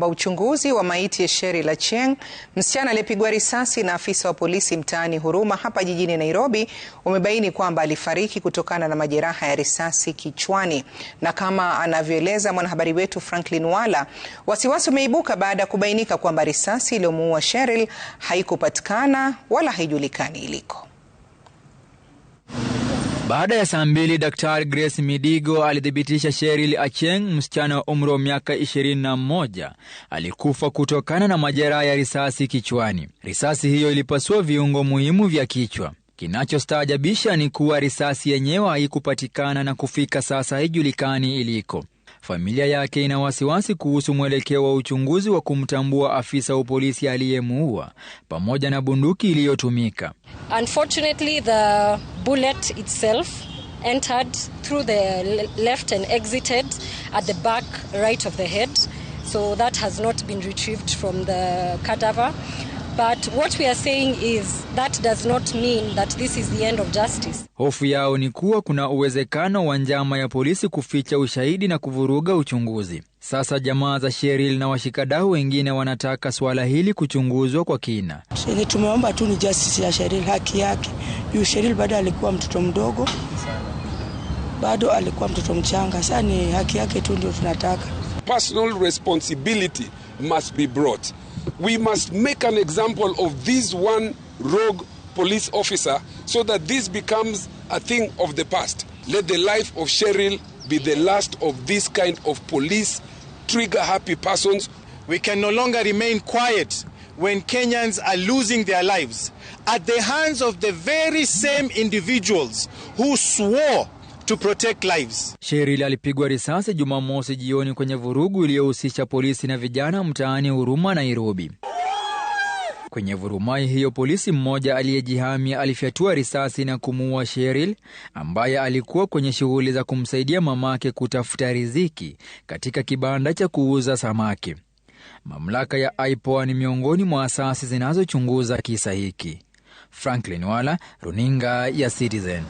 ba uchunguzi wa maiti ya Sheri cheng msichana aliyepigwa risasi na afisa wa polisi mtaani Huruma hapa jijini Nairobi, umebaini kwamba alifariki kutokana na majeraha ya risasi kichwani. Na kama anavyoeleza mwanahabari wetu Franklin Wala, wasiwasi umeibuka baada ya kubainika kwamba risasi iliyomuua Sheril haikupatikana wala haijulikani iliko. Baada ya saa mbili, Daktari Grace Midigo alithibitisha Sheril Acheng, msichana wa umri wa miaka 21, alikufa kutokana na majeraha ya risasi kichwani. Risasi hiyo ilipasua viungo muhimu vya kichwa. Kinachostaajabisha ni kuwa risasi yenyewe haikupatikana na kufika sasa haijulikani iliko. Familia yake ina wasiwasi kuhusu mwelekeo wa uchunguzi wa kumtambua afisa wa polisi aliyemuua pamoja na bunduki iliyotumika. Unfortunately, the bullet itself entered through the left and exited at the back right of the head. So that has not been retrieved from the cadaver. But what we are saying is that does not mean that this is the end of justice. Hofu yao ni kuwa kuna uwezekano wa njama ya polisi kuficha ushahidi na kuvuruga uchunguzi. Sasa jamaa za sheril na washikadau wengine wanataka swala hili kuchunguzwa kwa kina. Yenye tumeomba tu ni justice ya Sheril, haki yake. Yu Sheril bado alikuwa mtoto mdogo, bado alikuwa mtoto mchanga. Sasa ni haki yake tu ndio tunataka. Personal responsibility must be brought. we must make an example of this one rogue police officer so that this becomes a thing of the past. Let the life of Cheryl be the last of this kind of police trigger happy persons. We can no longer remain quiet when Kenyans are losing their lives at the hands of the very same individuals who swore to protect lives. Sheril alipigwa risasi Jumamosi jioni kwenye vurugu iliyohusisha polisi na vijana mtaani Huruma, Nairobi. Kwenye vurumai hiyo, polisi mmoja aliyejihami alifyatua risasi na kumuua Sheril ambaye alikuwa kwenye shughuli za kumsaidia mamake kutafuta riziki katika kibanda cha kuuza samaki. Mamlaka ya IPOA ni miongoni mwa asasi zinazochunguza kisa hiki. Franklin Wala, runinga ya Citizen.